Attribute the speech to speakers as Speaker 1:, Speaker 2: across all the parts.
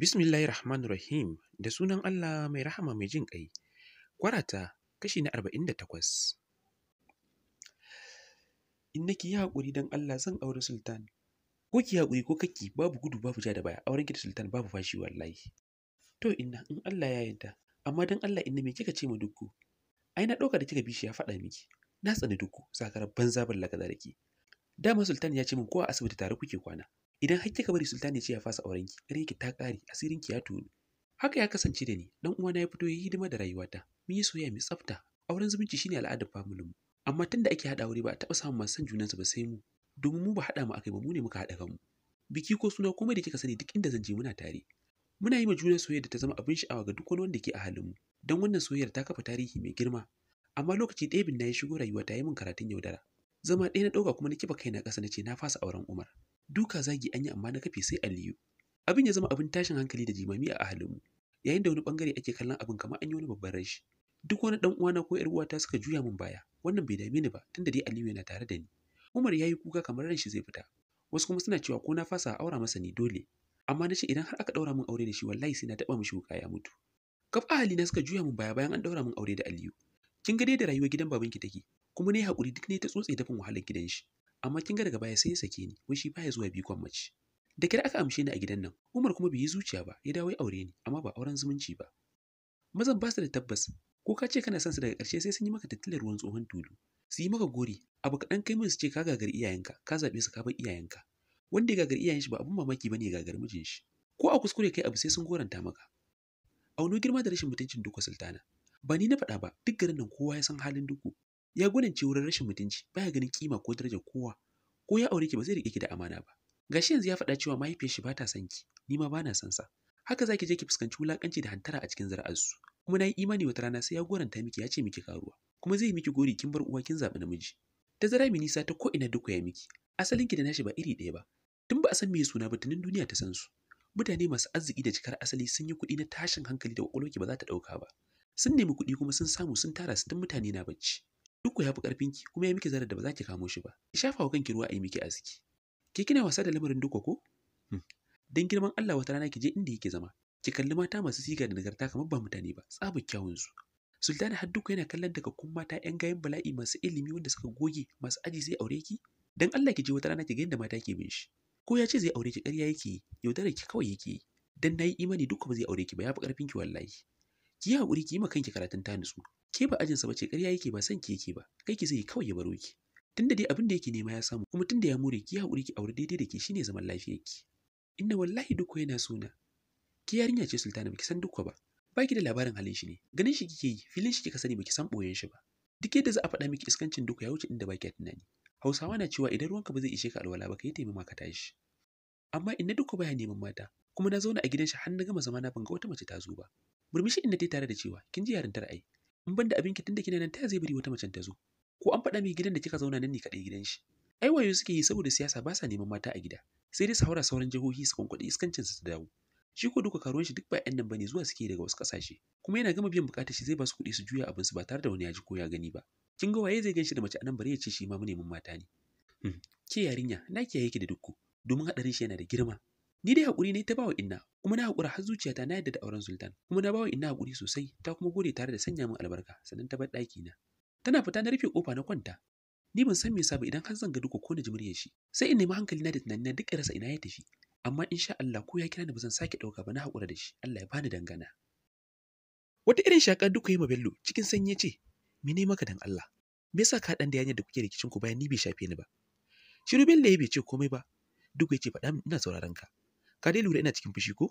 Speaker 1: Bismillahi Rahmanir Rahim da sunan Allah mai rahama mai jin ƙai. Kwarata kashi na arba'in da takwas. In nake yi haƙuri don Allah zan auri Sultan. Ko ki haƙuri ko kaki babu gudu babu ja da baya auren ki da Sultan babu fashi wallahi. To inna in Allah ya yanta amma don Allah inna me kika ce ma dukku? Ai na ɗauka da kika bi ya faɗa miki. Na tsani dukku sakar banza balla kaza da ki. Dama Sultan ya ce min ko a asibiti tare kuke kwana. idan har kika bari sultan ya ce ya fasa aurenki gare ki ta asirin ki ya tuni haka ya kasance da ni dan uwa na ya fito ya hidima da rayuwata mun yi soyayya mai tsafta auren zumunci shine al'adar family mu amma tunda ake hada aure ba a taɓa samun masu san junansu ba sai mu domin mu ba haɗa mu akai ba mu ne muka haɗa kanmu biki ko suna komai da kika sani duk inda zan je muna tare muna yi ma juna soyayya da ta zama abin sha'awa ga duk wani wanda ke a halin mu don wannan soyayyar ta kafa tarihi mai girma amma lokaci ɗaya bin na ya shigo rayuwa ta karatun yaudara zama ɗaya na ɗauka kuma na kiba kaina ƙasa na ce na fasa auren Umar duka zagi an yi amma na kafe sai aliyu abin ya zama abin tashin hankali da jimami a ahalinmu yayin da wani bangare ake kallon abin kamar an yi wani babban rashi duk wani dan uwana ko yar uwata suka juya min baya wannan bai dame ni ba tunda dai aliyu yana tare da ni umar yayi kuka kamar ran shi zai fita wasu kuma suna cewa ko na fasa aura masa ni dole amma na ce idan har aka daura min aure da shi wallahi sai na taba mishi wuka ya mutu kaf ahali na suka juya min baya bayan an daura min aure da aliyu kin ga dai da rayuwar gidan babanki take kuma ne hakuri duk ne ta tsotse dafin wahalar gidan shi amma kin ga daga baya sai ya sake ni wai shi ya zuwa bikon mace da kira aka amshe ni a gidan nan Umar kuma bai yi zuciya ba ya dawo ya aure ni amma ba auren zumunci ba mazan ba su da tabbas ko ka ce kana son su daga ƙarshe sai sun yi maka tattalin ruwan tsohon tulu su yi maka gori abu kaɗan kai su ce ka gagar iyayenka ka zaɓe su ka bar iyayenka wanda ya gagar iyayen shi ba abun mamaki bane ya gagar mijin shi ko a kuskure kai abu sai sun goranta maka auno girma da rashin mutuncin duka sultana ba ni na faɗa ba duk garin nan kowa ya san halin duku ya gudunce wurin rashin mutunci baya ganin kima ko daraja kowa ko ya aure ki ba zai rike ki da amana ba gashi yanzu ya faɗa cewa mahaifiyar shi ba ta son ki ni ma na son sa haka zaki je ki fuskanci wulakanci da hantara a cikin zuri'arsu kuma na yi imani wata rana sai ya goranta miki ya ce miki karuwa kuma zai miki gori kin bar uwa kin zaɓi namiji ta zara mi nisa ta ko'ina ina duka ya miki asalin ki da nashi ba iri ɗaya ba tun ba a san me suna ba tunin duniya ta san su mutane masu arziki da cikar asali sun yi kuɗi na tashin hankali da kwakwalwarki ba za ta ɗauka ba sun nemi kuɗi kuma sun samu sun tara su mutane na bacci duk ku yafi karfin ki kuma ya miki zarar da ba za ki kamo shi ba ki shafa wa kanki ruwa a yi miki aski ki kina wasa da lamarin duka ko hmm. dan girman Allah wata rana ki je inda yake zama ki kalli mata masu siga da nagarta kamar ba mutane ba tsabar kyawun su sultani har Ku yana kallon kun mata yan gayen bala'i masu ilimi wanda suka goge masu aji sai aure ki dan Allah ki je wata rana ki ga yadda mata ke bin shi ko ya ce zai aure ki ƙarya yake yi ki kawai yake yi dan yi imani duka ba zai aure ki ba ya fi ƙarfin ki wallahi ki yi haƙuri ki yi ma kanki karatun ta nutsu ke ba ajinsa ba ce ƙarya yake ba san ki yake ba kai ki zai kawai ya baro ki tunda dai abin da yake nema ya samu kuma tunda ya more ki haƙuri ki aure daidai da ke shine zaman lafiyar ki inna wallahi dukko yana suna ki yarinya ce sultana baki san dukko ba Ba ki da labarin halin shi ne ganin shi kike yi filin shi kika sani baki san boyen shi ba duk yadda za a faɗa miki iskancin duk ya wuce inda baki tunani Hausawa na cewa idan ruwanka ba zai ishe ka alwala ba ka yi taimama tashi amma inna dukko baya neman mata kuma na zauna a gidan shi har na gama zama na ban ga wata mace ta zo ba murmushi inda ta tare da cewa kin ji yarintar ai in banda abin ki tunda kina nan ta zai bari wata macen ta zo ko an faɗa mai gidan da kika zauna nan ne kaɗai gidan shi ai wayo suke yi saboda siyasa ba sa neman mata a gida sai dai su haura sauran jihohi su kwankwaɗe iskancin su dawo shi ko duka karuwan shi duk ba ƴan nan bane zuwa suke daga wasu ƙasashe kuma yana gama biyan buƙatar shi zai ba su kuɗi su juya abin su ba tare da wani ya ji ko ya gani ba kin ga waye zai ganshi da mace a nan bare ya ce shi ma neman mata ne hmm, ke yarinya na kiyaye ki da dukku domin haɗarin shi yana da girma ni dai hakuri ne ta bawa inna kuma na haƙura har zuciyata na yadda da auren sultan kuma na bawa ina haƙuri sosai ta kuma gode tare da sanya min albarka sannan ta bar ɗaki na tana fita na rufe kofa na kwanta ni ban san me yasa ba idan har zan ga duka ko na ji muryar shi sai in nemi hankali na da tunani na duka rasa ina ya tafi amma insha Allah ko ya kira ni ba zan sake ɗauka ba na haƙura da shi Allah ya bani dangana wata irin shaka duka yi ma Bello cikin sanyi ce ne maka dan Allah me yasa ka dan da yanyar da kuke rikicin ku bayan ni bai shafe ni ba shiru Bello ya bai ce komai ba duk ya ce faɗa ina sauraron ka ka dai lura ina cikin fushi ko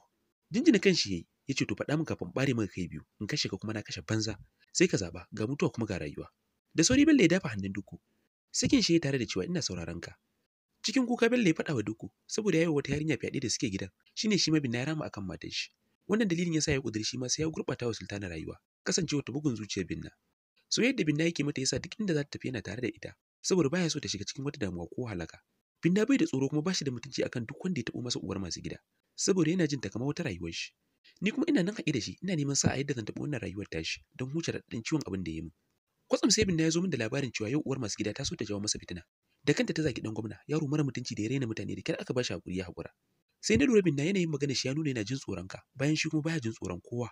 Speaker 1: jinjina kan shi yayi yace to faɗa min kafin bare maka kai biyu in kashe ka kuma na kashe banza sai ka zaba ga mutuwa kuma ga rayuwa da sauri Bello ya dafa hannun Duku sakin shi tare da cewa ina sauraron ka cikin kuka Bello ya faɗa wa Duku saboda yayi wata yarinya fyaɗe da suke gidan shine shi mabin na rama akan matan shi wannan dalilin yasa ya kudirci ma sai ya gurbata wa sultana rayuwa kasancewa ta bugun zuciyar Binna soyayyar da Binna yake mata yasa duk inda za ta tafi yana tare da ita saboda baya so ta shiga cikin wata damuwa ko halaka Binna bai da tsoro kuma ba da mutunci akan duk wanda ya taɓo masa uwar masu gida, saboda yana jin takama wata rayuwar shi. Ni kuma ina nan haƙe da shi, ina neman sa'a yadda zan taɓa wannan rayuwar tashi don huce raɗaɗin ciwon abin da ya min. Kwatsam sai Binna ya zo min da labarin cewa yau uwar masu gida ta so ta jawo masa fitina. Da kanta ta zaki ɗan gwamna, yaro mara mutunci da ya raina mutane da kyar aka ba shi haƙuri ya haƙura. Sai na lura Binna yanayin magana shi ya nuna yana jin tsoron ka, bayan shi kuma baya jin tsoron kowa.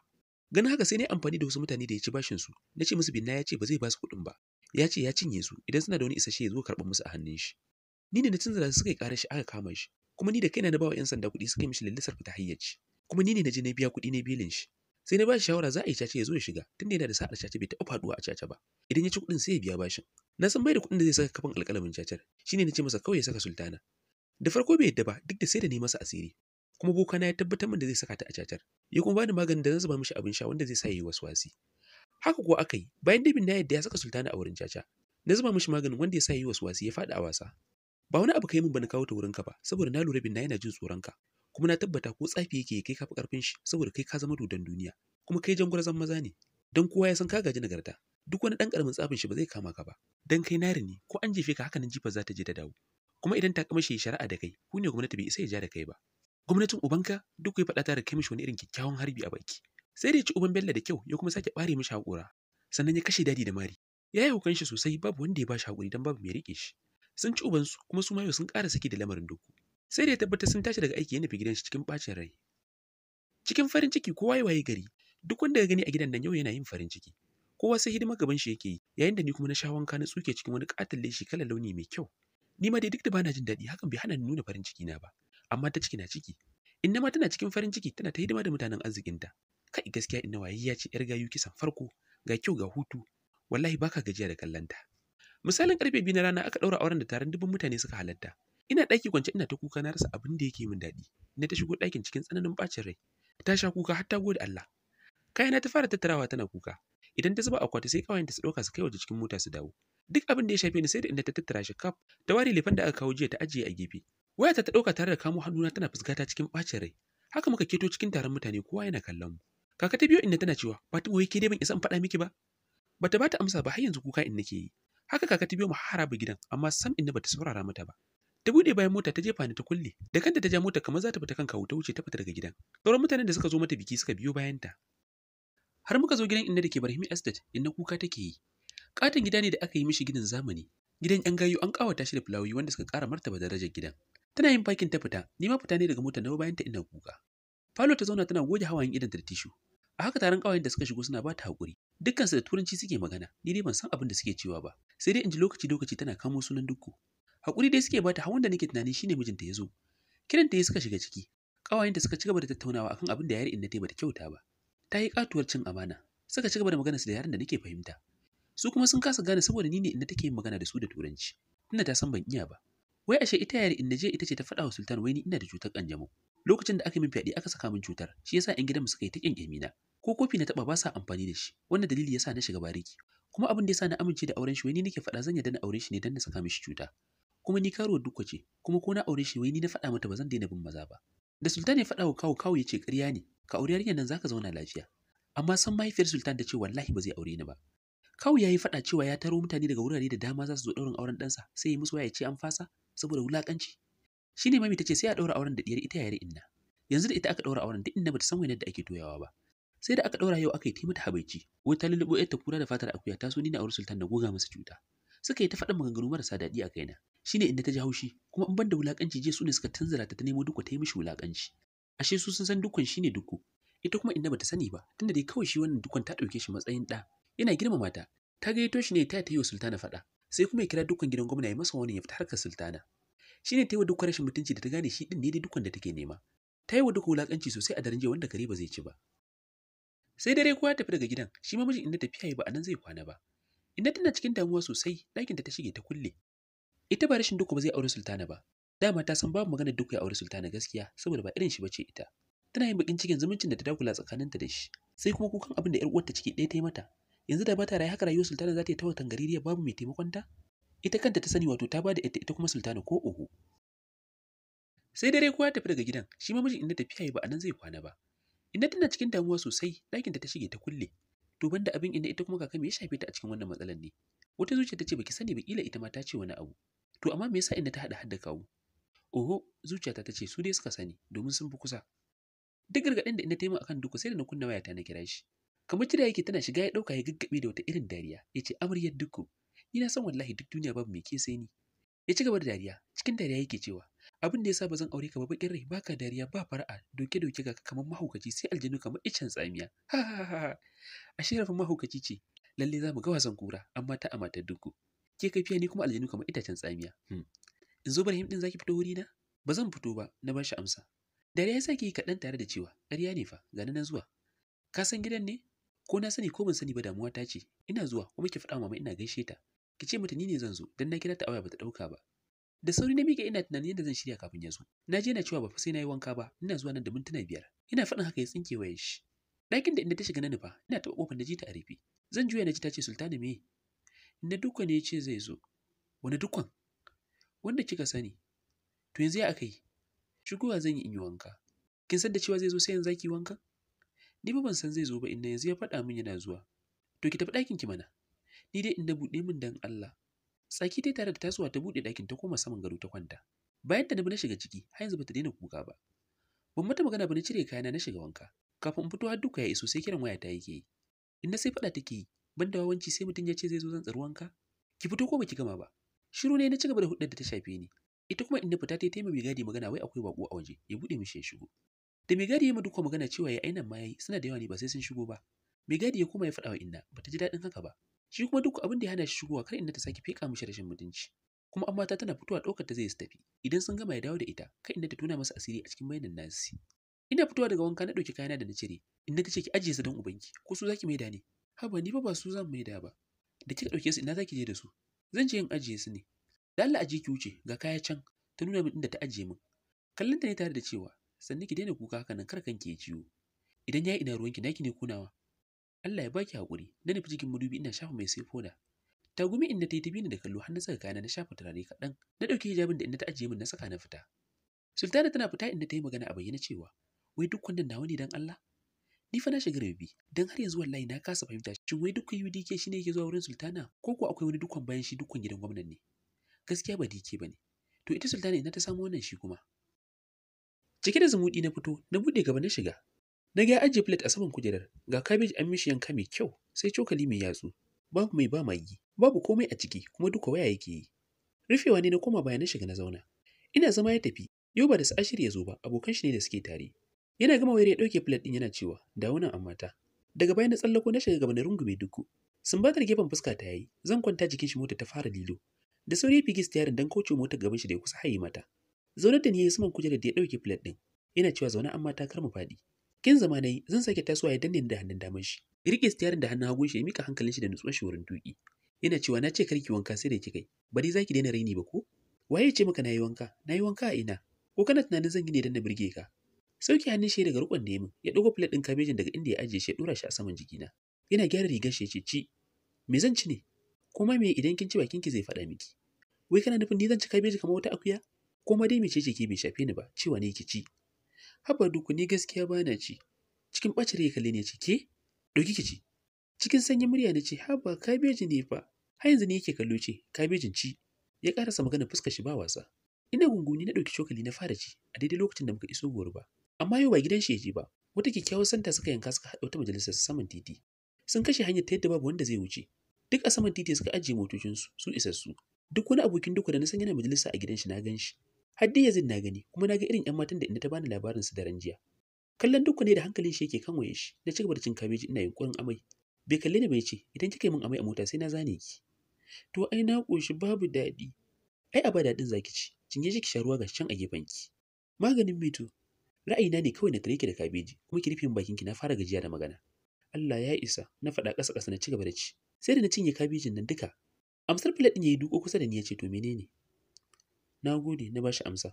Speaker 1: Ganin haka sai na amfani da wasu mutane da ya ci bashin su. Na ce musu Binna ya ce ba zai ba kuɗin ba. Ya ce ya cinye su idan suna da wani isasshe ya zo karɓar musu a hannun shi. ni ne na cin zarafi suka yi ƙarar shi aka kama shi kuma ni da kaina na bawa 'yan sanda kuɗi suka yi mishi lallasar fita hayyaci kuma ni ne na je na biya kuɗi na bilin shi sai na ba shi shawara za a yi caca ya zo ya shiga tunda yana da sa'ar caca bai taɓa faɗuwa a caca ba idan ya ci kuɗin sai ya biya bashin na san bai da kuɗin da zai saka kafin alƙalamin cacar shine na ce masa kawai ya saka sultana da farko bai yadda ba duk da sai da ni masa asiri kuma boka na ya tabbatar min da zai saka ta a cacar ya kuma bani maganin da zan zuba mishi abin sha wanda zai sa ya yi waswasi haka kuwa aka yi bayan dabin na yadda ya saka sultana a wurin caca na zuba mishi maganin wanda ya sa ya yi waswasi ya faɗi a wasa ba wani abu kai min bana kawo ta wurinka ba saboda na lura binna yana jin tsoronka kuma na tabbata ko tsafi yake kai kafi karfin shi saboda kai ka zama dodon duniya kuma kai zan maza ne Dan kowa ya san ka gaji nagarta duk wani dan karamin tsafin shi ba zai kama ka ba dan kai nari ne ko an jefe ka haka nan jifa za ta je ta dawo kuma idan ta kama shi shari'a da kai ku ne gwamnati bai isa ya ja da kai ba gwamnatin ubanka duk kai fada ta da kai mishi wani irin kyakkyawan harbi a baki sai da ya ci uban bella da kyau ya kuma sake bare mishi hakura sannan ya kashe dadi da mari ya yi hukan shi sosai babu wanda ya ba shi babu mai rike shi sun ci ubansu kuma su mayo sun ƙara saki da lamarin doku sai da ya tabbatar sun tashi daga aiki ya nufi gidan shi cikin bacin rai cikin farin ciki kowa ya waye gari duk wanda ya gani a gidan nan yau yana yin farin ciki kowa sai hidima gaban shi yake yi yayin da ni kuma na sha wanka na tsuke cikin wani katon leshi kalar launi mai kyau ni ma dai duk da bana jin daɗi hakan bai hana ni nuna farin ciki na ba amma ta ciki na ciki inna ma tana cikin farin ciki tana ta hidima da mutanen arzikinta kai gaskiya ina waye ya ce yar gayu kisan farko ga kyau ga hutu wallahi baka gajiya da kallanta Misalin karfe biyu na rana aka ɗaura auren da taron dubban mutane suka halatta. Ina ɗaki kwance ina ta kuka na rasa abin da yake min daɗi. Ina ta shigo ɗakin cikin tsananin ɓacin rai. Ta sha kuka har ta gode Allah. Kayana ta fara tattarawa tana kuka. Idan ta zuba akwati sai kawayenta su ɗauka su kai waje cikin mota su dawo. Duk abin da ya shafe ni sai da inda ta tattara shi kaf ta ware lefan da aka kawo jiya ta ajiye a gefe. Wayata ta ɗauka tare da kamo hannuna tana fuskata cikin ɓacin rai. Haka muka keto cikin taron mutane kowa yana kallon mu. Kaka ta biyo inda tana cewa ba ta goyi ke dai ban isa in faɗa miki ba. Bata bata amsa ba har yanzu kuka in nake yi. Haka kaka ta biyo mu haraba gidan, amma sam inna bata saurara mata ba. Ta bude bayan mota ta jefa ni ta kulle, da kanta ta ja mota kamar za ta fita kanka wuta wuce ta fita daga gidan. Sauran mutanen da suka zo mata biki suka biyo bayan ta. Har muka zo gidan inna da ke Barhimi Estate, inna kuka take yi. Katin gida ne da aka yi mishi gidan zamani. Gidan yan gayu an kawata shi da fulawoyi wanda suka ƙara martaba darajar gidan. Tana yin fakin ta fita, ni ma fita ne daga mota na bayan ta ina kuka. Falo ta zauna tana goge hawayen idanta da tishu. a haka taron ƙawayen da suka shigo suna ba ta haƙuri dukkansu da turanci suke magana ni dai ban san abin da suke cewa ba sai dai in ji lokaci lokaci tana kamo sunan dukku haƙuri dai suke bata hawan da nake tunani shine mijinta ya zo kiran ta yi suka shiga ciki ƙawayen da suka ci gaba da tattaunawa akan abin da yari inda ta bata kyauta ba ta yi katuwar cin amana suka ci gaba da magana su da yaran da nake fahimta su kuma sun kasa gane saboda ni ne inda take yin magana da su da turanci Inna ta san ban iya ba wai ashe ita yari inda je ita ce ta faɗa wa sultan wai ni ina da cutar kanjamau lokacin da aka min fyaɗe aka saka min cutar shi yasa 'yan gidanmu suka yi ta ƙyanƙyami na ko kofi na taɓa ba sa amfani da shi wannan dalili yasa na shiga bariki kuma abin da yasa na amince da auren shi wai ni nake faɗa zan yadda na aure shi ne dan na saka mishi cuta kuma ni karuwar dukwa ce kuma ko na aure shi wai ni na faɗa mata ba zan daina bin maza ba da sultan ya faɗa wa kawu kawu ya ce ƙarya ne ka aure yarinyar nan zaka zauna lafiya amma san mahaifiyar sultan da ce wallahi ba zai aure ni ba kawu ya yi faɗa cewa ya taro mutane daga wurare da dama za su zo ɗaurin auren ɗansa sai ya musu waya ce an fasa saboda wulaƙanci Shi ne mami ta ce sai a ɗaura auren da ɗiyar ita yare inna. Yanzu da ita aka ɗaura auren da inna bata san wainar da ake doyawa ba. Sai da aka ɗaura yau aka yi mata habaici, wai ta lulluɓo yar ta kura da fatar akuya ta so ni na auri sultan da goga masa cuta. Suka yi ta faɗin maganganu marasa daɗi a kaina. Shi ne inda ta ji haushi, kuma in ban da wulaƙanci jiya su ne suka tanzara ta ta nemo dukwa ta yi mishi wulaƙanci. Ashe su sun san dukkan shi ne duku Ita kuma inda bata sani ba, tunda dai kawai shi wannan dukkan ta ɗauke shi matsayin ɗa. Yana girmama ta, ta gayyato shi ne ta yi wa sultana faɗa. Sai kuma ya kira dukkan gidan gwamna ya masa wani ya fita harkar sultana. Shi ne ta yi wa duk rashin mutunci da ta gane shi ɗin ne dai dukkan da take nema. Ta yi wa duk wulaƙanci sosai a daren jiya wanda kare ba zai ci ba. Sai dare kowa tafi daga gidan, shi ma mijin inda tafiya yi ba a nan zai kwana ba. Inda tana cikin damuwa sosai, ɗakinta ta shige ta kulle. Ita ba rashin duk ba zai aure sultana ba. Dama ta san babu maganar duk ya aure sultana gaskiya saboda ba irin shi bace ita. Tana yin bakin cikin zumuncin da ta dakula tsakaninta da shi. Sai kuma kukan abin da 'yar uwarta ciki ɗaya ta yi mata. Yanzu da ba ta rayu haka rayuwar sultana za ta yi babu mai taimakon ta? ita kanta ta sani wato ta ba da ita ita kuma sultana ko oho sai dare kowa tafi daga gidan shi ma mijin inda tafiya yi ba anan zai kwana ba inda tana cikin damuwa sosai ɗakin ta ta shige ta kulle to banda abin inda ita kuma kaka me ya shafe ta a cikin wannan matsalar ne wata zuciya ta ce baki sani ba kila ita ma ta ce wani abu to amma me yasa inda ta haɗa hadda kawu oho zuciyata ta ce su dai suka sani domin sun fi kusa duk gargaɗin da ina ta yi min akan duku sai da na kunna wayata na kira shi kamar jira yake tana shiga ya ɗauka ya gaggabe da wata irin dariya ya ce amaryar duku ni na san wallahi duk duniya babu mai ke sai ni ya ci gaba da dariya cikin dariya yake cewa abin da yasa ba zan aure ka ba bakin rai baka dariya ba fara'a doke doke ga kamar mahaukaci sai aljanu kamar icen tsamiya ha ha ha a shirafin mahaukaci ce lalle za mu ga wasan kura amma ta amatar duku ke kafiya ni kuma aljanu kamar itacen tsamiya hmm. in zo barhim din zaki fito wuri na ba zan fito ba na bashi amsa dariya ya sake yi kaɗan tare da cewa ƙarya ne fa ga na zuwa ka san gidan ne ko na sani ko ban sani ba damuwa ta ce ina zuwa kuma ki faɗa mama ina gaishe ta ki ce mata ni ne zan zo dan na kira ta bata dauka ba da sauri na miƙe ina tunanin yadda zan shirya kafin ya zo na je na cewa ba fa sai na yi wanka ba ina zuwa nan da mintuna biyar ina faɗin haka ya tsinke waye shi ɗakin da inda ta shiga na nufa ina taɓa ƙofar na ji ta a rufe zan juya na ji ta ce sultani me na dukwa ne ya ce zai zo wani dukwan wanda kika sani to yanzu ya aka yi shigowa zan yi in yi wanka kin san da cewa zai zo sai yanzu zaki wanka ni ba ban san zai zo ba inda yanzu ya faɗa min yana zuwa to ki tafi ɗakin ki mana ni dai inda buɗe min dan Allah tsaki dai tare da tasowa ta buɗe ɗakin ta koma saman gado ta kwanta bayan da na na shiga ciki har yanzu bata daina kuka ba ban mata magana ba na cire kayana na shiga wanka kafin in fito har duka ya iso sai kiran waya ta yake yi in sai faɗa take yi ban da wawanci sai mutum ya ce zai zo zan tsaro wanka ki fito ko baki gama ba shiru ne na cigaba da hudar da ta shafe ni ita kuma in na fita ta taimaka gadi magana wai akwai baƙo a waje ya buɗe mishi ya shigo da mai gadi ya ma duka magana cewa ya ainihin ma yayi suna da yawa ne ba sai sun shigo ba mai gadi ya koma ya faɗa wa inna bata ji daɗin haka ba shi kuma duk abin da ya hana shi shigowa kar inda ta sake feƙa mishi rashin mutunci kuma amma ta tana fitowa ɗaukar ta zai tafi idan sun gama ya dawo da ita kar inda ta tuna masa asiri a cikin bayanan nasi ina fitowa daga wanka na ɗauki kayana da na cire inda ta ce ki ajiye su don ubanki ko su zaki maida ne haba ni fa ba su zan maida ba da kika ɗauke su ina zaki je da su zan je in ajiye su ne da Allah ki wuce ga kaya can ta nuna min inda ta ajiye min kallon ne tare da cewa sannan ki daina kuka haka nan kar kanki ya ciwo idan ya ina ruwanki naki ne kunawa Allah ya baki haƙuri na nufi jikin madubi ina shafa mai sai foda tagumi inda ta taitabi ni da kallo har na saka kayana na shafa turare kaɗan na ɗauki hijabin da inda ta ajiye min na saka na fita sultana tana fita inda ta yi magana a bayyana cewa wai duk wannan nawa ne dan Allah ni fa na shiga rabi dan har yanzu wallahi na kasa fahimta shin wai duk dukkan UDK shine yake zuwa wurin sultana ko ko akwai wani dukkan bayan shi dukkan gidan gwamnati? ne gaskiya ba DK bane to ita sultana ina ta samu wannan shi kuma cike da zumudi na fito na bude gaba na shiga Na ga ajiye plate a saman kujerar, ga cabbage an mishi yanka mai kyau, sai cokali mai yatsu, babu mai ba magi, babu komai a ciki kuma duka waya yake yi. Rufewa ne na koma bayan na shiga na zauna. Ina zama ya tafi, yau ba da Ashir ya zo ba, abokan shi ne da suke tare. Yana gama wayar ya dauke plate din yana cewa, "Da wannan amma ta." Daga bayan na tsallako na shiga gaba na rungume duku. Sumbatar gefen fuska ta yayi, zan kwanta jikin shi mota ta fara lilo. Da sauri figis yaron dan kauce mota gaban shi da ya kusa haye mata. Zaunar da ni yi saman kujerar da ya dauke plate din. Yana cewa zaune amma ta kar mu faɗi. kin zama nayi zan sake tasowa ya danne da hannun damar shi riƙe stiyarin da hannun hagun shi ya mika hankalin shi da nutsuwar shi wurin tuki yana cewa na ce kar ki wanka sai da kai. bari zaki daina raini ba ko waye ce maka nayi wanka nayi wanka a ina ko kana tunanin zan yi ne dan na birge ka sauki hannun shi daga rukun nemin ya dago plate din kabejin daga inda ya ajiye shi ya dora shi a saman jikina yana gyara rigar shi ya ce ci me zan ci ne kuma me idan kin ci bakin ki zai faɗa miki wai kana nufin ni zan ci kabeji kamar wata akuya ko ma dai ce ke bai shafe ni ba cewa ne ki ci haba duku ni gaskiya ba na ci cikin ɓacin rai kalle ne ce ke ɗauki ki ci cikin sanyin murya na ce haba kabeji ne fa har yanzu ne yake kallo ce kabejin ci ya karasa magana fuskar shi ba wasa ina gunguni na ɗauki cokali na fara ci a daidai lokacin da muka iso goruba amma yau ba gidan shi je ba wata kyakkyawar santa suka yanka suka haɗa wata majalisar saman titi sun kashe hanyar ta yadda babu wanda zai wuce duk a saman titi suka ajiye motocinsu su isassu duk wani abokin duka da na san yana majalisa a gidan shi na gan shi har dai yanzu na gani kuma na ga irin 'yan matan da inda ta bani labarin su da ranjiya kallon dukku ne da hankalin shi yake kan waye shi na cigaba da cin kabeji ina yunkurin amai bai kalle ni bai ce idan kika yi min amai a mota sai na zane ki to ai na koshi babu daɗi ai a ba daɗin zaki ci cinye shi ki sha ga can a gefen ki maganin mito ra'ayina ne kawai na tare ki da kabeji kuma ki rufe bakin ki na fara gajiya da magana Allah ya isa na faɗa ƙasa ƙasa na cigaba da ci sai da na cinye kabejin nan duka amsar filet ɗin ya yi duko kusa da ni ya ce to menene na gode na bashi amsa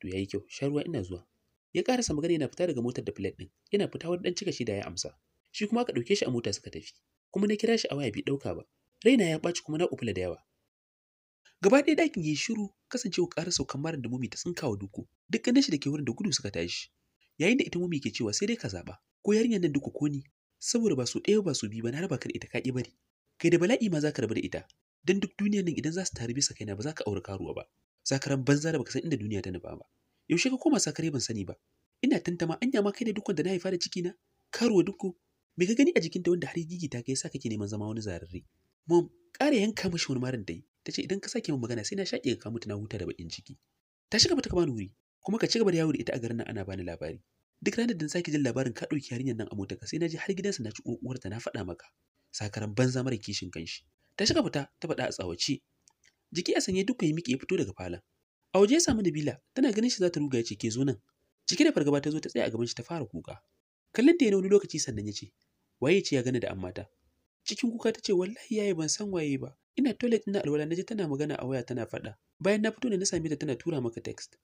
Speaker 1: to yayi kyau sha ruwa ina zuwa ya karasa magana yana fita daga motar da plate din yana fita wani dan cika shi da ya amsa shi kuma aka dauke shi a mota suka tafi kuma na kira shi a waya bi dauka ba raina ya baci kuma na kufula da yawa gaba ɗaya ɗakin yayi shiru kasancewa ƙara saukan kamar da mumi ta tsinkawa duku dukkanin shi da ke wurin da gudu suka tashi yayin da ita mumi ke cewa sai dai ka zaɓa ko yarinyar nan duku ko ni saboda ba su ɗaya ba su biyu ba na raba kar ita ka bari kai da bala'i ma za ka rabu da ita don duk duniyar nan idan za su tare bisa kaina ba za ka aure karuwa ba sakaran banza da baka san inda duniya ta nufa ba yaushe ka koma sakare ban sani ba ina tantama anya ma kai da dukkan da na haifa da ciki na karuwa duku me ka gani a jikinta wanda har gigi ta kai sa kake neman zama wani zararre mom kare yanka mishi wani marin dai tace idan ka sake min magana sai na shaƙe ka mutu na huta da bakin ciki ta shiga bata ka bani wuri kuma ka ci gaba da yawo da ita a garin nan ana bani labari duk ranar da na sake jin labarin ka ɗauki yarinyar nan a motarka sai na ji har gidansa na ci uwarta na faɗa maka sakaran banza mara kishin kanshi ta shiga fita ta faɗa a tsawace Jiki a sanye duk ya miƙe ya fito daga falon. A waje ya samu Nabila tana ganin shi za ta ruga ya ce ke zo nan. Cike da fargaba ta zo ta tsaya a gaban shi ta fara kuka. Kallon ta yi wani lokaci sannan ya ce, waye ce ya gane da amma ta? Cikin kuka ta ce wallahi yayi ban san waye ba. Ina toilet ina alwala na ji tana magana a waya tana faɗa. Bayan na fito ne na same ta tana tura maka text.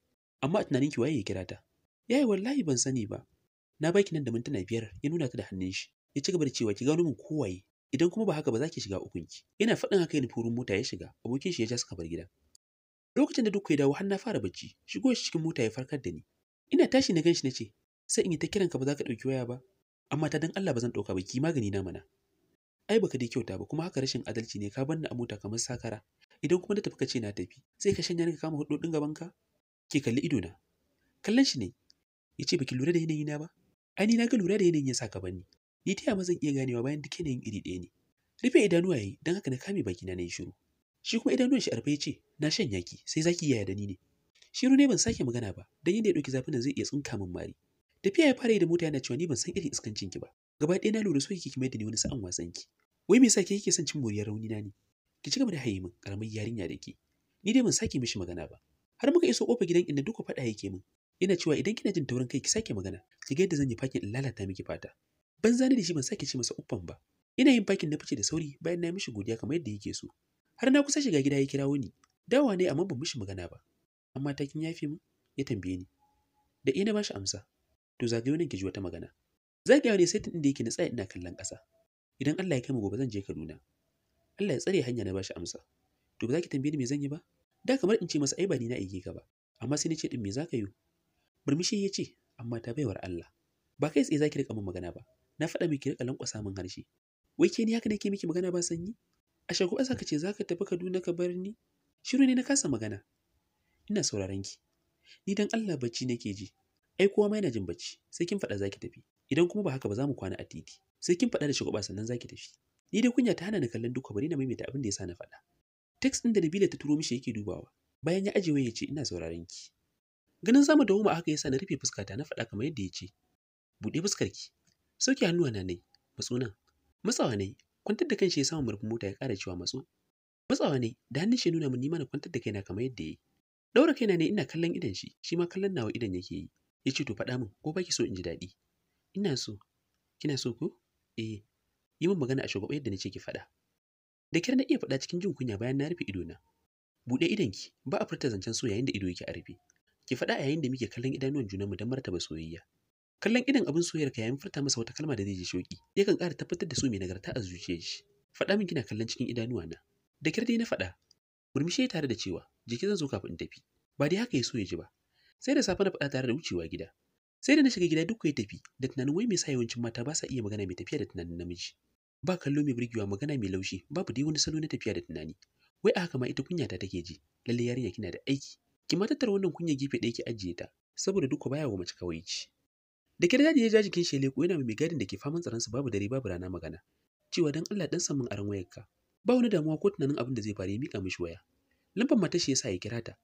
Speaker 1: Amma a tunaninki waye ya kira ta? Yayi wallahi ban sani ba. Na baki nan da mintuna biyar ya nuna ta da hannun shi. Ya ci gaba da cewa ki gano min kowaye. idan kuma ba haka ba za ki shiga ukun ki yana faɗin haka ne furun mota ya shiga abokin shi ya ja suka bar gida lokacin da duk ya dawo har na fara bacci shigo shi cikin mota ya farkar da ni ina tashi na ganshi nace sai in yi ta kiran ka ba za ka ɗauki waya ba amma ta dan Allah ba zan ɗauka ba ki magani na mana ai baka dai kyauta ba kuma haka rashin adalci ne ka bar ni a mota kamar sakara idan kuma da tafi ka ce na tafi sai ka shanya ni ka kama hudodin gaban ka ke kalli ido na kallon shi ne ya ce baki lura da yanayi na ba ai ni na ga lura da yanayin ya sa ka banni ni ta ma zan iya ganewa bayan duk yanayin iri ɗaya ne rufe idanuwa yayi don haka na kame baki na yi shiru shi kuma idanuwan shi arfa ce na shan yaki sai zaki iya da ni ne shiru ne ban sake magana ba don yadda ya ɗauki zafin nan zai iya tsinka min mari tafiya ya fara yi da mota yana cewa ni ban san irin iskancin ki ba gaba ɗaya na lura so kike kimai da ni wani sa'an wasan ki wai me yasa ke kike son cin moriyar rauni na ne ki ci gaba da hayi min karamar yarinya da ke ni dai ban sake mishi magana ba har muka iso kofar gidan inda duka faɗa yake min ina cewa idan kina jin taurin kai ki sake magana ki ga yadda zan yi fakin in lalata miki fata ban zane da shi ban sake ce masa uffan ba ina yin fakin na fice da sauri bayan na mishi godiya kamar yadda yake so har na kusa shiga gida ya kirawo ni dawa ne amma ban mishi magana ba amma kin yafe mu ya tambaye ni da ina bashi amsa to zagayo nan ki ji wata magana zagayo ne sai tun inda yake na tsaya ina kallon ƙasa idan Allah ya kai mu gobe zan je Kaduna Allah ya tsare hanya na bashi amsa to ba za ki tambaye ni me zan yi ba da kamar in ce masa ai ba ni na aike ka ba amma sai na ce din me za ka yi murmushi ya ce amma ta baiwar Allah ba kai tsaye za ki riƙa min magana ba na faɗa miki rika lankwasa min harshe wai ke ni haka nake miki magana ba sanyi a shagu ƙasa ka ce za ka tafi kaduna ka bar ni shiru ne na kasa magana ina sauraron ki ni dan Allah bacci nake ji ai kowa ma yana jin bacci sai kin faɗa zaki tafi idan kuma ba haka ba za mu kwana a titi sai kin faɗa da shugaba sannan zaki tafi ni dai kunya ta hana ni kallon duka bari na maimaita abin da sa na faɗa text din da Nabila ta turo mishi yake dubawa bayan ya aje ya ce ina sauraron ki ganin zamu da a haka yasa na rufe fuskata na faɗa kamar yadda ya ce buɗe fuskar ki Sauke hannuwa na ne, matso nan. Matsawa ne, kwantar da kanshi ya samu murfin mota ya ƙara cewa matso. Matsawa ne, da hannun shi nuna mini mana kwantar da kaina kamar yadda yayi. Daura kaina ne ina kallon idan shi, shi ma kallon nawa idan yake yi. Ya ce to faɗa min, ko baki so in ji daɗi. Ina so. Kina so ko? Eh. Yi min magana a shugaba yadda na ce ki faɗa. Da kyar na iya faɗa cikin jin kunya bayan na rufe na Buɗe ki ba a furta zancen so yayin da ido yake a rufe. Ki faɗa a yayin da muke kallon idanuwan junanmu don martaba soyayya. kallon idan abin soyayyar ka yayin furta masa wata kalma da zai ji shoki yakan ƙara tabbatar da so mai nagarta a zuciyar shi faɗa min kina kallon cikin idanuwa na da kyar dai na faɗa murmushi tare da cewa jiki zan zo kafin in tafi ba dai haka ya so ya ji ba sai da safe na faɗa tare da wucewa gida sai da na shiga gida duk ya tafi da tunanin wai me sa yawancin mata ba sa iya magana mai tafiya da tunanin namiji ba kallo mai burgewa magana mai laushi babu dai wani salo na tafiya da tunani wai a haka ma ita kunya ta take ji lalle yarinya kina da aiki ki ma wannan kunya gefe ɗaya ki ajiye ta saboda duk baya wa mace kawai ci da da da ya ja jikin shi leko yana mai gadin da ke faman tsaransa babu dare babu rana magana cewa dan Allah dan samun aran wayarka ba wani damuwa ko tunanin abin da zai faru ya mika mishi waya lambar mata shi yasa ya kira ta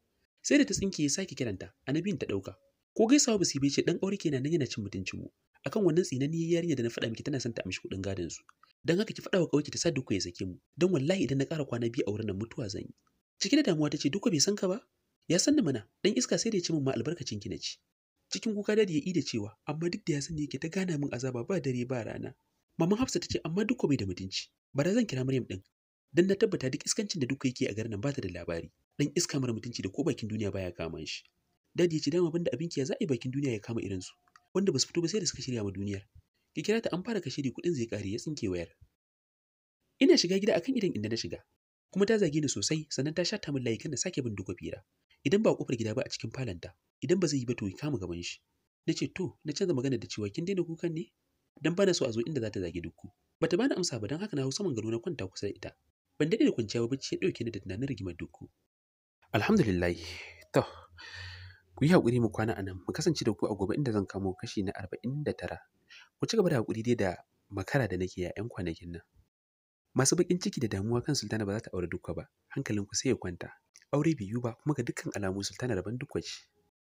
Speaker 1: sai da ta tsinke ya sake kiranta anabin ta dauka ko gaisawa ba su bai ce dan aure kenan nan yana cin mutuncin mu akan wannan tsinaniyar yarinya da na faɗa miki tana son ta amshi kuɗin gadon su dan haka ki faɗa wa kauki ta sa duka ya sake mu dan wallahi idan na ƙara kwana biyu a wurin nan mutuwa zan yi cike da damuwa tace duka bai san ka ba ya san da mana dan iska sai da ya ci mun ma albarkacin ki na ci cikin kuka dadi ya ida cewa amma duk da ya sani yake ta gana min azaba ba dare ba rana maman hafsa ta ce amma duk bai da mutunci bara zan kira maryam din dan na tabbata duk iskancin da duka yake a garin nan ba ta da labari dan iska mara mutunci da ko bakin duniya baya kama shi dadi ya ce dama banda abin ya za'i bakin duniya ya kama irin su wanda basu fito ba sai da suka shirya ma duniyar ki kira ta an fara kashe da kudin zai kare ya tsinke wayar ina shiga gida akan idan inda na shiga kuma ta zage ni sosai sannan ta shata min layukan da sake bin duka fira idan ba kofar gida ba a cikin falanta idan ba zai yi ba to ya kama gaban shi na ce to na canza magana da cewa kin daina kukan ne dan bana so a zo inda za ta zage dukku bata bani amsa ba dan haka na hau saman gado na kwanta kusa da ita ban daɗe da kwanciya ba bacci ya ɗauke ni da tunanin rigimar dukku alhamdulillah to ku yi haƙuri mu kwana a nan mu kasance da ku a gobe inda zan kamo kashi na arba'in da tara ku ci gaba da hakuri dai da makara da nake ya 'yan kwanakin nan Masu bakin ciki da damuwa kan Sultana ba za ta auri duka ba, hankalinku sai ya kwanta. Aure biyu ba kuma ga dukkan alamu Sultana daban dukka ce.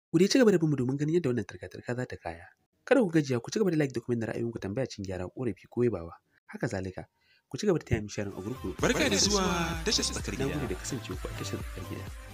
Speaker 1: Ku dai ci gaba da bin mu domin ganin yadda wannan tarka za ta kaya. Kada ku gajiya ku cigaba gaba da like da comment da ku tambaya cin gyara korafi ko yabawa. Haka zalika ku ci gaba da taya mu sharing a group. Barka da zuwa tashar tsakar gida. Na da kasancewa ku a tashar tsakar gida.